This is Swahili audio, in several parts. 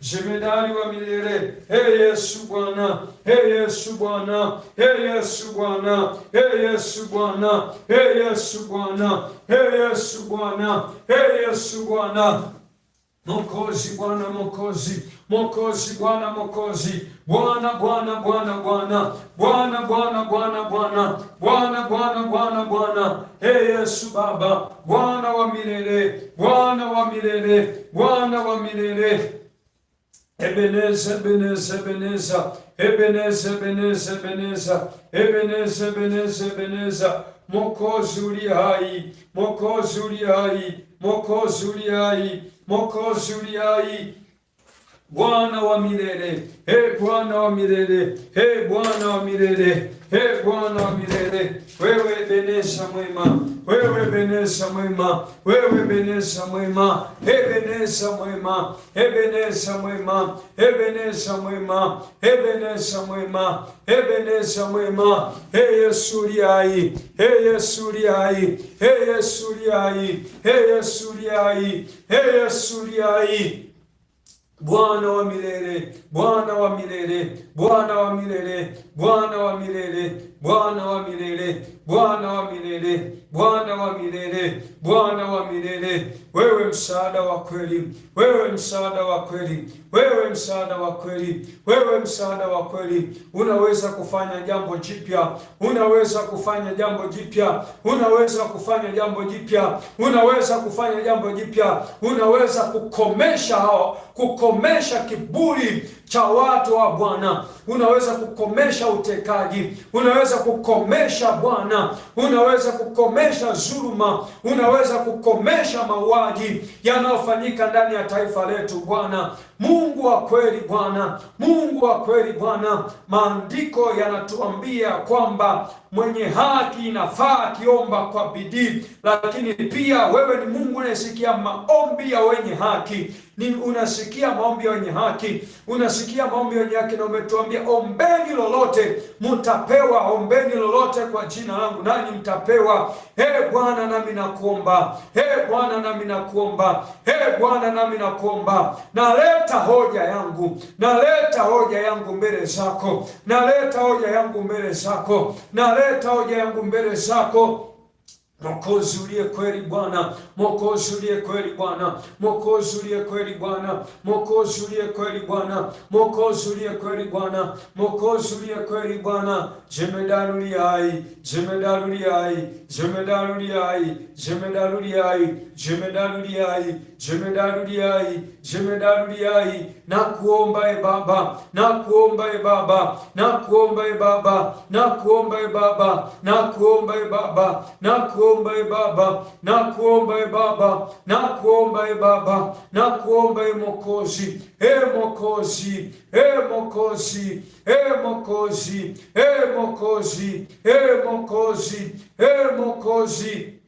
Jemedari wa milele. e Yesu Bwana, e Yesu Bwana, e Yesu Bwana, e Yesu Bwana, e Yesu Bwana, e Yesu Bwana, e Yesu Bwana, mokozi Bwana, mokozi Mwokozi, Bwana Mwokozi, Bwana Bwana Bwana Bwana Bwana Bwana Bwana Bwana Bwana Bwana Bwana Bwana. Ee Yesu Baba, Bwana wa milele, Bwana wa milele, Bwana wa milele. Ebeneza, Ebeneza, Ebeneza, Ebeneza, Ebeneza, Ebeneza, Ebeneza, Ebeneza, Ebeneza. Mwokozi uli hai, Mwokozi uli hai, Mwokozi uli hai, Mwokozi uli hai Buana o milele, e buana o milele, e buana o milele, e buana o milele. Wewe benesa mwema, wewe benesa mwema, wewe benesa mwema, e benesa mwema, e benesa mwema, e benesa mwema, e benesa mwema, e benesa mwema. E Yesu liai, e Yesu liai, e Yesu liai, e Yesu liai, e Yesu liai. Bwana wa milele, Bwana wa milele, Bwana wa milele, Bwana wa milele, Bwana wa milele, Bwana wa milele, Bwana wa milele, Bwana wa milele. Wewe msaada wa kweli, wewe msaada wa kweli, wewe msaada wa kweli, wewe msaada wa kweli. Unaweza kufanya jambo jipya, unaweza kufanya jambo jipya, unaweza kufanya jambo jipya, unaweza kufanya jambo jipya, unaweza kukomesha hao, kukomesha kiburi cha watu wa Bwana. Unaweza kukomesha utekaji, unaweza kukomesha Bwana, unaweza kukomesha dhuluma, unaweza kukomesha mauaji yanayofanyika ndani ya taifa letu Bwana. Mungu wa kweli Bwana, Mungu wa kweli Bwana, maandiko yanatuambia kwamba mwenye haki inafaa akiomba kwa bidii, lakini pia wewe ni Mungu unayesikia maombi ya wenye haki ni unasikia maombi yenye wenye haki, unasikia maombi yenye wenye haki, na umetuambia ombeni lolote mtapewa, ombeni lolote kwa jina langu nani mtapewa. Ee Bwana, nami nakuomba, ee Bwana, nami nakuomba, ee Bwana, nami nakuomba, naleta hoja yangu, naleta hoja yangu mbele zako, naleta hoja yangu mbele zako, naleta hoja yangu mbele zako Mwokozi uliye kweli Bwana, Mwokozi uliye kweli Bwana, Mwokozi uliye kweli Bwana, Mwokozi uliye kweli Bwana, Mwokozi uliye kweli Bwana, Mwokozi uliye kweli Bwana, jemedari uliye hai, jemedari uliye hai, jemedari uliye hai, jemedari uliye hai, jemedari uliye hai, jemedari uliye hai, jemedari uliye hai, na kuomba e Baba, na kuomba e Baba, na kuomba e Baba, na kuomba e Baba, na kuomba e Baba, na kuomba kuomba e Baba, na kuomba e Baba, na kuomba e Baba, na kuomba e Mokozi, e Mokozi, e Mokozi, e Mokozi, e Mokozi, e Mokozi, e Mokozi,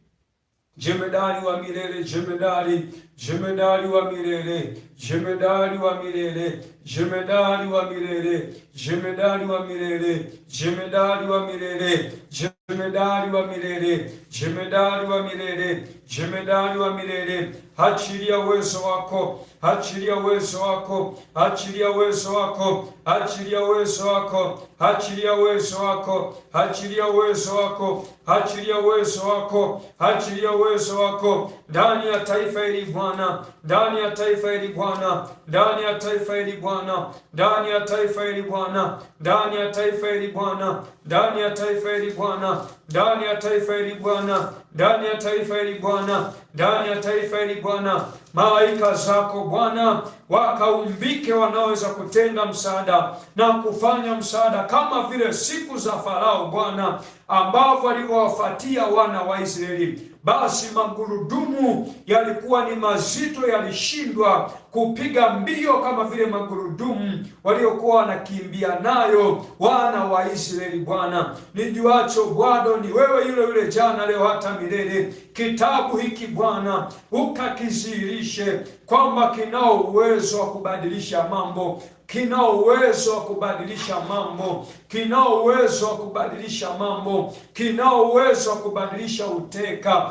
Jemedari wa milele, Jemedari, Jemedari wa milele, Jemedari wa milele, Jemedari wa milele, Jemedari wa milele, Jemedari wa milele. Jemedari wa milele, Jemedari wa milele, Jemedari wa milele achilia uwezo wako, achilia uwezo wako, achilia uwezo wako, achilia uwezo wako, achilia uwezo wako, achilia uwezo wako, achilia uwezo wako, achilia uwezo wako ndani ya taifa hili Bwana, ndani ya taifa hili Bwana, ndani ya taifa hili Bwana, ndani ya taifa hili Bwana, ndani ya taifa hili Bwana, ndani ya taifa hili Bwana, ndani ya taifa hili Bwana ndani ya taifa hili Bwana, ndani ya taifa hili Bwana, malaika zako Bwana wakaumbike, wanaweza kutenda msaada na kufanya msaada, kama vile siku za Farao Bwana ambavyo alivyowafatia wana wa Israeli, basi magurudumu yalikuwa ni mazito, yalishindwa kupiga mbio kama vile magurudumu waliokuwa wanakimbia nayo wana wa Israeli. Bwana nijuacho bwado ni wewe yule yule jana leo hata milele. Kitabu hiki Bwana ukakidhihirishe kwamba kinao uwezo wa kubadilisha mambo kinao uwezo wa kubadilisha mambo, kinao uwezo wa kubadilisha mambo, kinao uwezo wa kubadilisha uteka.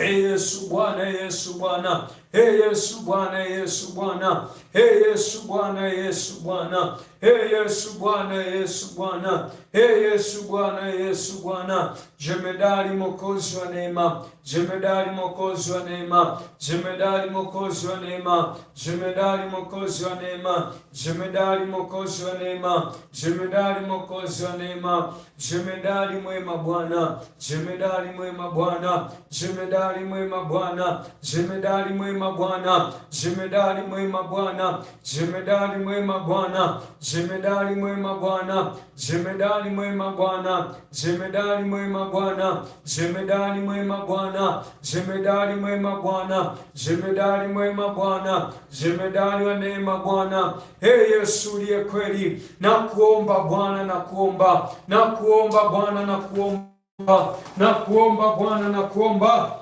E Yesu Bwana, e Yesu Bwana Hey Yesu Bwana, Yesu Bwana, Hey Yesu Bwana, Yesu Bwana, Hey Yesu Bwana, Yesu Bwana, Hey Yesu Bwana, Yesu Bwana, Jemedari mokozi wa neema, Jemedari Mwokozi wa neema, Jemedari mokozi wa neema, Jemedari Mwokozi wa neema, Jemedari Mwokozi wa neema, Jemedari Mwokozi wa neema, Jemedari mwema Bwana, Jemedari mwema Bwana, Jemedari mwema Bwana, Jemedari mwema mwema Bwana, jemedari mwema Bwana, jemedari mwema Bwana, jemedari mwema Bwana, jemedari mwema Bwana, jemedari mwema Bwana, jemedari mwema Bwana, jemedari mwema Bwana, jemedari mwema Bwana, jemedari wa neema Bwana. Ee Yesu uliye kweli, nakuomba Bwana, nakuomba, nakuomba Bwana, nakuomba, nakuomba Bwana, nakuomba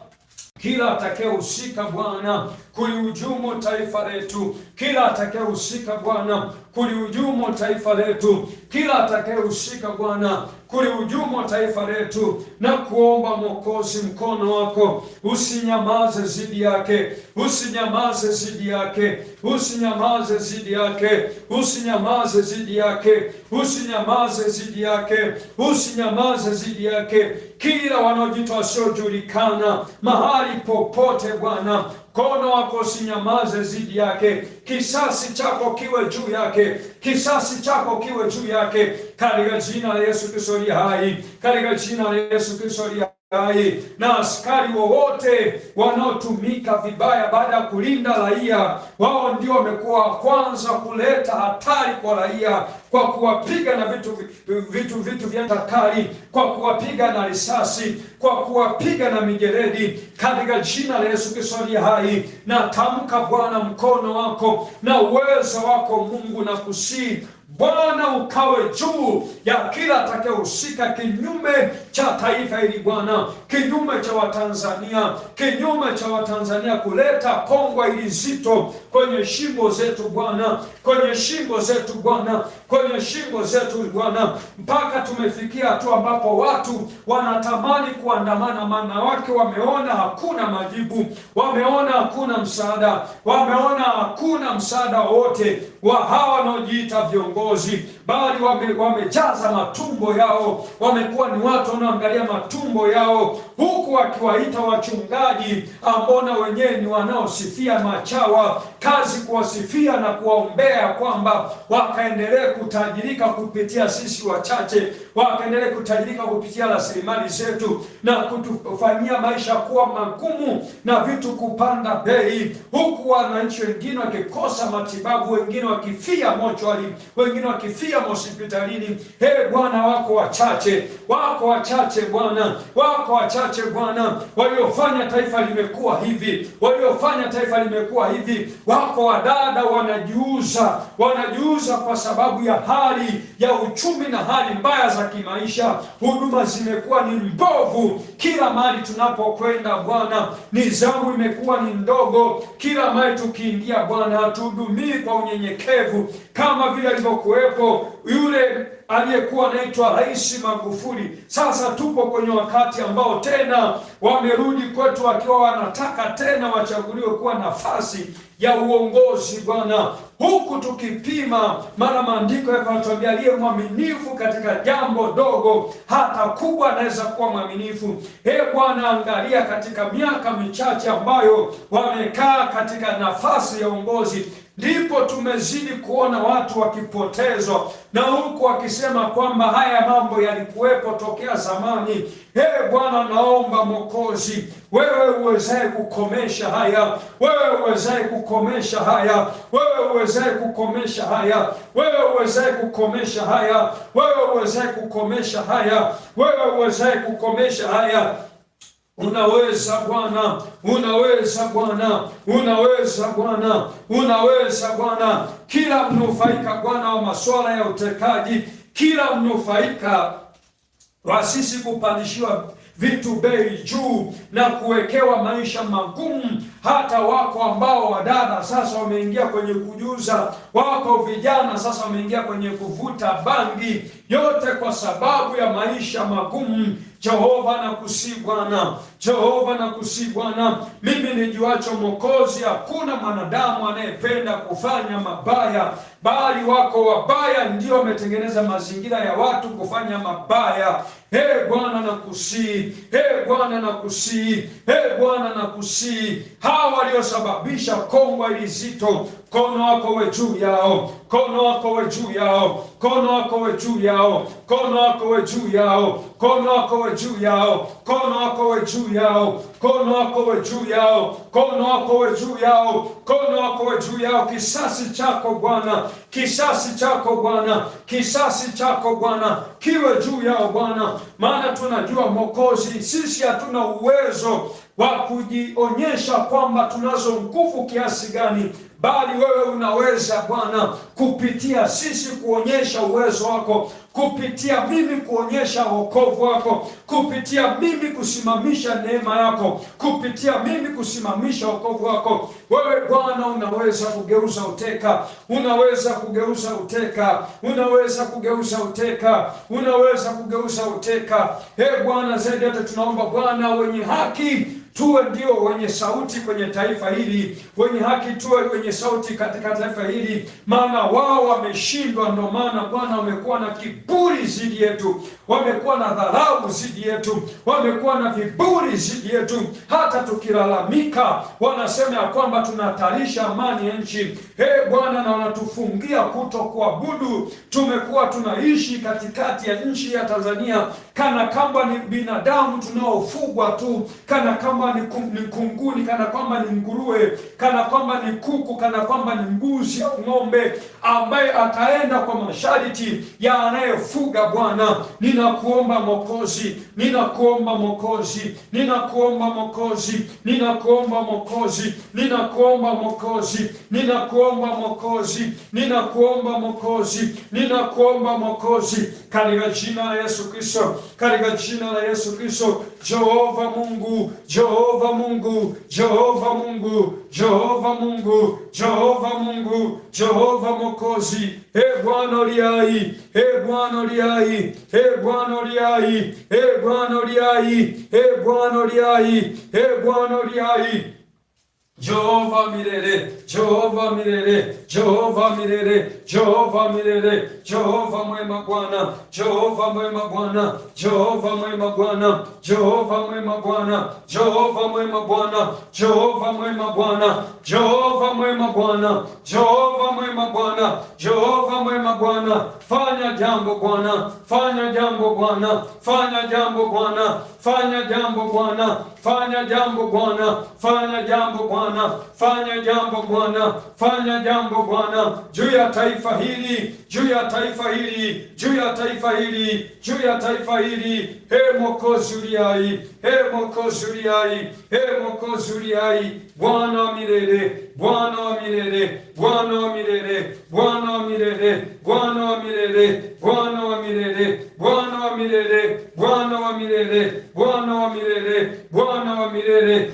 kila atakayehusika Bwana kulihujumu taifa letu, kila atakayehusika Bwana kulihujumu taifa letu kila atakayehusika Bwana kuli wa taifa letu na kuomba Mwokozi, mkono wako usinyamaze zidi yake, usinyamaze zidi yake, usinyamaze zidi yake, usinyamaze zidi yake, usinyamaze zidi yake, usinyamaze zidi yake, kila wanaojitwa wasiojulikana mahali popote Bwana mkono wako usinyamaze zidi yake, kisasi chako kiwe juu yake, kisasi chako kiwe juu yake, katika jina la Yesu Kristo hai, katika jina la Yesu Kristo Hai, na askari wowote wanaotumika vibaya baada ya kulinda raia, wao ndio wamekuwa kwanza kuleta hatari kwa raia kwa kuwapiga na vitu vitu vitu vya kali, kwa kuwapiga na risasi, kwa kuwapiga na mijeledi, katika jina la Yesu Kristo aliye hai. Na tamka Bwana, mkono wako na uwezo wako Mungu, na kusii Bwana ukawe juu ya kila atakayehusika kinyume cha taifa hili Bwana, kinyume cha Watanzania, kinyume cha Watanzania kuleta kongwa ili zito kwenye shingo zetu Bwana, kwenye shingo zetu Bwana, kwenye shingo zetu Bwana, mpaka tumefikia tu ambapo watu wanatamani kuandamana, maana wake wameona hakuna majibu, wameona hakuna msaada, wameona hakuna msaada wote wa hawa wanaojiita viongozi bali wame, wamejaza matumbo yao, wamekuwa ni watu wanaoangalia matumbo yao, huku wakiwaita wachungaji ambao na wenyewe ni wanaosifia machawa, kazi kuwasifia na kuwaombea kwamba wakaendelee kutajirika kupitia sisi wachache, wakaendelee kutajirika kupitia rasilimali zetu na kutufanyia maisha kuwa magumu na vitu kupanda bei, huku wananchi wengine wakikosa matibabu, wengine wakifia mochwari, wengine wakifia kupitia mahospitalini. He Bwana, wako wachache, wako wachache Bwana, wako wachache Bwana, waliofanya taifa limekuwa hivi, waliofanya taifa limekuwa hivi. Wako wadada wanajiuza, wanajiuza kwa sababu ya hali ya uchumi na hali mbaya za kimaisha. Huduma zimekuwa ni mbovu kila mahali tunapokwenda Bwana, nizamu imekuwa ni ndogo kila mahali tukiingia Bwana, hatuhudumii kwa unyenyekevu kama vile alivyokuwepo yule aliyekuwa anaitwa Rais Magufuli. Sasa tupo kwenye wakati ambao tena wamerudi kwetu wakiwa wanataka tena wachaguliwe kuwa nafasi ya uongozi Bwana, huku tukipima mara maandiko yakanatuambia aliye mwaminifu katika jambo dogo hata kubwa anaweza kuwa mwaminifu. Ee Bwana, angalia katika miaka michache ambayo wamekaa katika nafasi ya uongozi ndipo tumezidi kuona watu wakipotezwa na huku wakisema kwamba haya mambo yalikuwepo tokea zamani. Ewe Bwana, naomba Mwokozi, wewe uwezaye kukomesha haya, wewe uwezaye kukomesha haya, wewe uwezaye kukomesha haya, wewe uwezaye kukomesha haya, wewe uwezaye kukomesha haya, wewe uwezaye kukomesha haya Unaweza Bwana, unaweza Bwana, unaweza Bwana, unaweza Bwana. Kila mnufaika Bwana wa masuala ya utekaji, kila mnufaika wa sisi kupandishiwa vitu bei juu na kuwekewa maisha magumu. Hata wako ambao wadada sasa wameingia kwenye kujuza, wako vijana sasa wameingia kwenye kuvuta bangi, yote kwa sababu ya maisha magumu. Jehova na kusi Bwana, Jehova na kusi Bwana, mimi nijuacho Mwokozi, hakuna mwanadamu anayependa kufanya mabaya, bali wako wabaya ndio wametengeneza mazingira ya watu kufanya mabaya hey, Bwana nakusii, hey, Bwana nakusii, hey, Bwana nakusii, hawa waliosababisha kongwa ilizito mkono wako we juu yao, mkono wako we juu yao, mkono wako we juu yao, mkono wako we juu yao, mkono wako we juu yao, mkono wako we juu yao, mkono wako we juu yao, mkono wako we juu yao, mkono wako we juu yao. Kisasi chako Bwana, kisasi chako Bwana, kisasi chako Bwana kiwe juu yao Bwana, maana tunajua Mwokozi, sisi hatuna uwezo wa kujionyesha kwamba tunazo nguvu kiasi gani bali wewe unaweza Bwana kupitia sisi kuonyesha uwezo wako, kupitia mimi kuonyesha wokovu wako, kupitia mimi kusimamisha neema yako, kupitia mimi kusimamisha wokovu wako. Wewe Bwana unaweza kugeuza uteka, unaweza kugeuza uteka, unaweza kugeuza uteka, unaweza kugeuza uteka. e Bwana, zaidi hata tunaomba Bwana wenye haki tuwe ndio wenye sauti kwenye taifa hili, wenye haki tuwe wenye sauti katika taifa hili, maana wao wameshindwa. Ndio maana Bwana, wamekuwa na kiburi zidi yetu, wamekuwa na dharau zidi yetu, wamekuwa na viburi zidi yetu. Hata tukilalamika wanasema ya kwamba tunahatarisha amani ya nchi. He Bwana, na wanatufungia kuto kuabudu. Tumekuwa tunaishi katikati ya nchi ya Tanzania kana kwamba ni binadamu tunaofugwa tu, kana kwamba ni, ni kunguni, kana kwamba ni nguruwe, kana kwamba ni kuku, kana kwamba ni mbuzi, ng'ombe ambaye ataenda kwa masharti ya anayefuga. Bwana, ninakuomba Mokozi, ninakuomba mokozi ninakuomba Mokozi, ninakuomba Mokozi, ninakuomba mokozi ninakuomba Mokozi, ninakuomba Mokozi, ninakuomba mokozi katika jina la Yesu Kristo, katika jina la Yesu Kristo Jehova Mungu, Jehova Mungu, Jehova Mungu, Jehova Mungu, Jehova Mungu, Jehova Mokozi. E Bwana uliai, e Bwana uliai, e Bwana uliai, e Bwana uliai, e Bwana uliai, e Bwana uliai Jehova milele, Jehova milele, Jehova milele, Jehova milele, Jehova mwema Bwana, Jehova mwema Bwana, Jehova mwema Bwana, Jehova mwema Bwana, Jehova mwema Bwana, Jehova mwema Bwana, Jehova mwema Bwana, Jehova mwema Bwana, Jehova mwema Bwana, fanya jambo Bwana, fanya jambo Bwana, fanya jambo Bwana, fanya jambo Bwana, fanya jambo Bwana, fanya jambo Bwana Bwana, fanya jambo Bwana, fanya jambo Bwana juu ya taifa hili, juu ya taifa hili, juu ya taifa hili, juu ya taifa hili. He Mwokozi uliai, he Mwokozi uliai, he Mwokozi uliai, Bwana wa milele, Bwana wa milele, Bwana wa milele, Bwana wa milele, Bwana wa milele, Bwana wa milele, Bwana wa milele, Bwana wa milele, Bwana wa milele, Bwana wa milele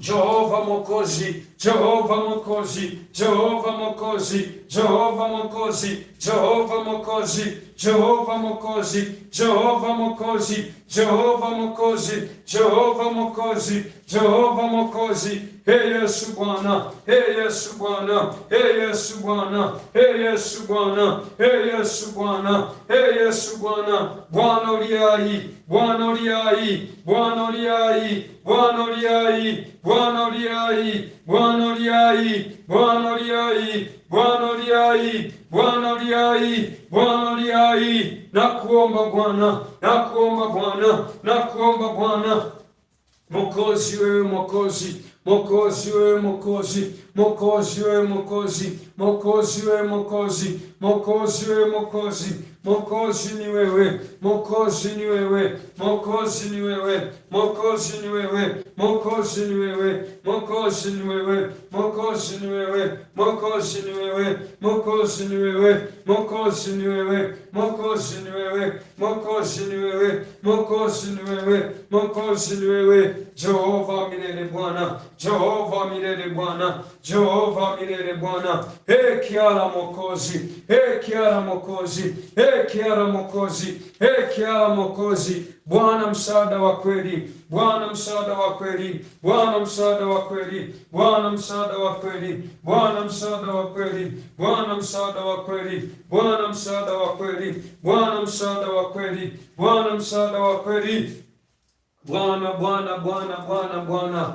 Jeová Mokosi Jehova mokozi Jehova mokozi Jehova mokozi Jehova mokozi Jehova mokozi Jehova mokozi Jehova mokozi Jehova mokozi Jehova mokozi Ee Yesu Bwana, Ee Yesu Bwana, Ee Yesu Bwana, Ee Yesu Bwana, Ee Yesu Bwana, Ee Yesu Bwana, Bwana uliye hai, Bwana uliye Bwana uliye Bwana uliye Bwana uliye Bwana uli hai, Bwana uli hai, Bwana uli hai, Bwana uli hai, Bwana uli hai. Nakuomba Bwana, nakuomba Bwana, nakuomba Bwana. Mwokozi wewe Mwokozi, Mwokozi wewe Mwokozi. Mwokozi we Mwokozi, Mwokozi we Mwokozi, Mwokozi we Mwokozi, Mwokozi ni wewe, Mwokozi ni wewe, Mwokozi ni wewe, Mwokozi ni wewe, Mwokozi ni wewe, Mwokozi ni wewe, Mwokozi ni wewe, Mwokozi ni wewe, Mwokozi ni wewe, Mwokozi ni wewe, Mwokozi ni wewe, Mwokozi ni wewe, Mwokozi ni wewe, Mwokozi ni wewe, Jehova milele Bwana, Jehova milele Bwana Jehova milele Bwana, ekiara mokozi, ekiara mokozi, ekiara mokozi, ekiara mokozi. Bwana msaada wa kweli, Bwana msaada wa kweli, Bwana msaada wa kweli, Bwana msaada wa kweli, Bwana msaada wa kweli, Bwana msaada wa kweli, Bwana msaada wa kweli, Bwana msaada wa kweli, Bwana msaada wa kweli. Bwana Bwana Bwana Bwana Bwana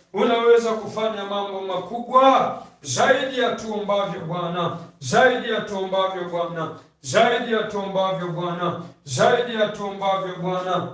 unaweza kufanya mambo makubwa zaidi ya tuombavyo Bwana, zaidi ya tuombavyo Bwana, zaidi ya tuombavyo Bwana, zaidi ya tuombavyo Bwana.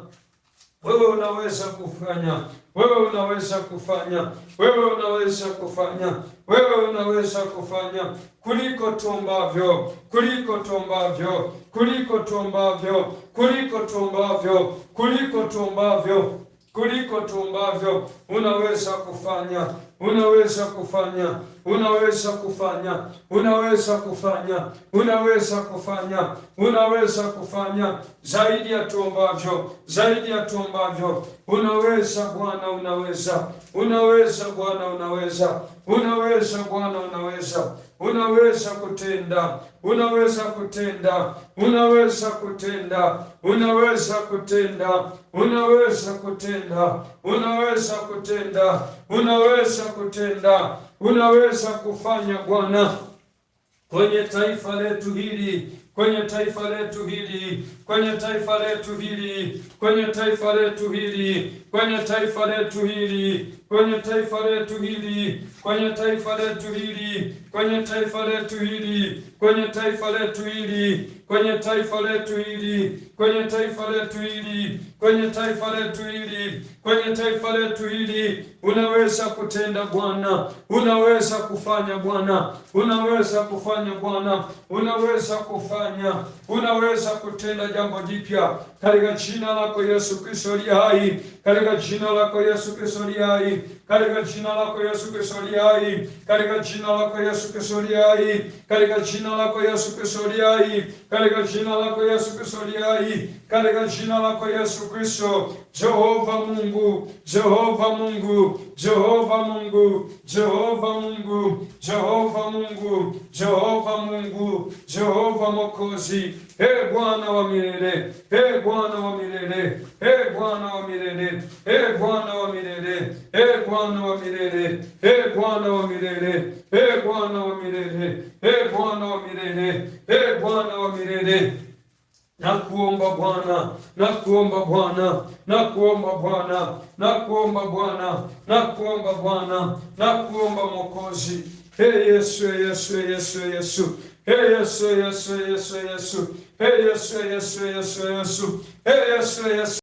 Wewe unaweza kufanya, wewe unaweza kufanya, wewe unaweza kufanya, wewe unaweza kufanya kuliko tuombavyo, kuliko tuombavyo, kuliko tuombavyo, kuliko tuombavyo, kuliko tuombavyo kuliko tuombavyo. Unaweza kufanya, unaweza kufanya unaweza kufanya, unaweza kufanya, unaweza kufanya, unaweza kufanya zaidi ya tuombavyo, zaidi ya tuombavyo. Unaweza Bwana, unaweza, unaweza Bwana, unaweza, unaweza Bwana, unaweza unaweza kutenda, unaweza kutenda, unaweza kutenda, unaweza kutenda, unaweza kutenda, unaweza kutenda, unaweza kutenda unaweza kufanya Bwana kwenye taifa letu hili kwenye taifa letu hili kwenye taifa letu hili kwenye taifa letu hili kwenye taifa letu hili kwenye taifa letu hili, kwenye taifa letu hili, kwenye taifa letu hili, kwenye taifa letu hili, kwenye taifa letu hili, kwenye taifa letu hili, kwenye taifa letu hili, kwenye taifa letu hili. Unaweza kutenda Bwana, unaweza kufanya Bwana, unaweza kufanya Bwana, unaweza kufanya, unaweza kutenda jambo jipya katika jina lako Yesu Kristo aliye hai. ela Gina la Koya Supesoriai, Karigachina la koyasu kesoriai, Karigachina la koyasu kesoriai, Karigachina la koyasu kesoriai, Karigachina la koyasu kesoriai, Karigachina la koyasu Kristo, Jehova Mungu, Jehova Mungu, Jehova Mungu, Jehova Mungu, Jehova Mungu, Jehova Mungu, Jehova Mokozi, E Bwana o milele, E Bwana wa milele, E Bwana wa milele, E Bwana o milele, E Bwana Bwana wa milele, e Bwana wa milele, e Bwana wa milele, e Bwana wa milele, e Bwana wa milele. Nakuomba Bwana, nakuomba Bwana, nakuomba Bwana, nakuomba Bwana, nakuomba Bwana, nakuomba Mwokozi. E Yesu, e Yesu, e Yesu, e Yesu. E Yesu, Yesu, Yesu, Yesu. E Yesu, Yesu, Yesu, Yesu. E Yesu, Yesu.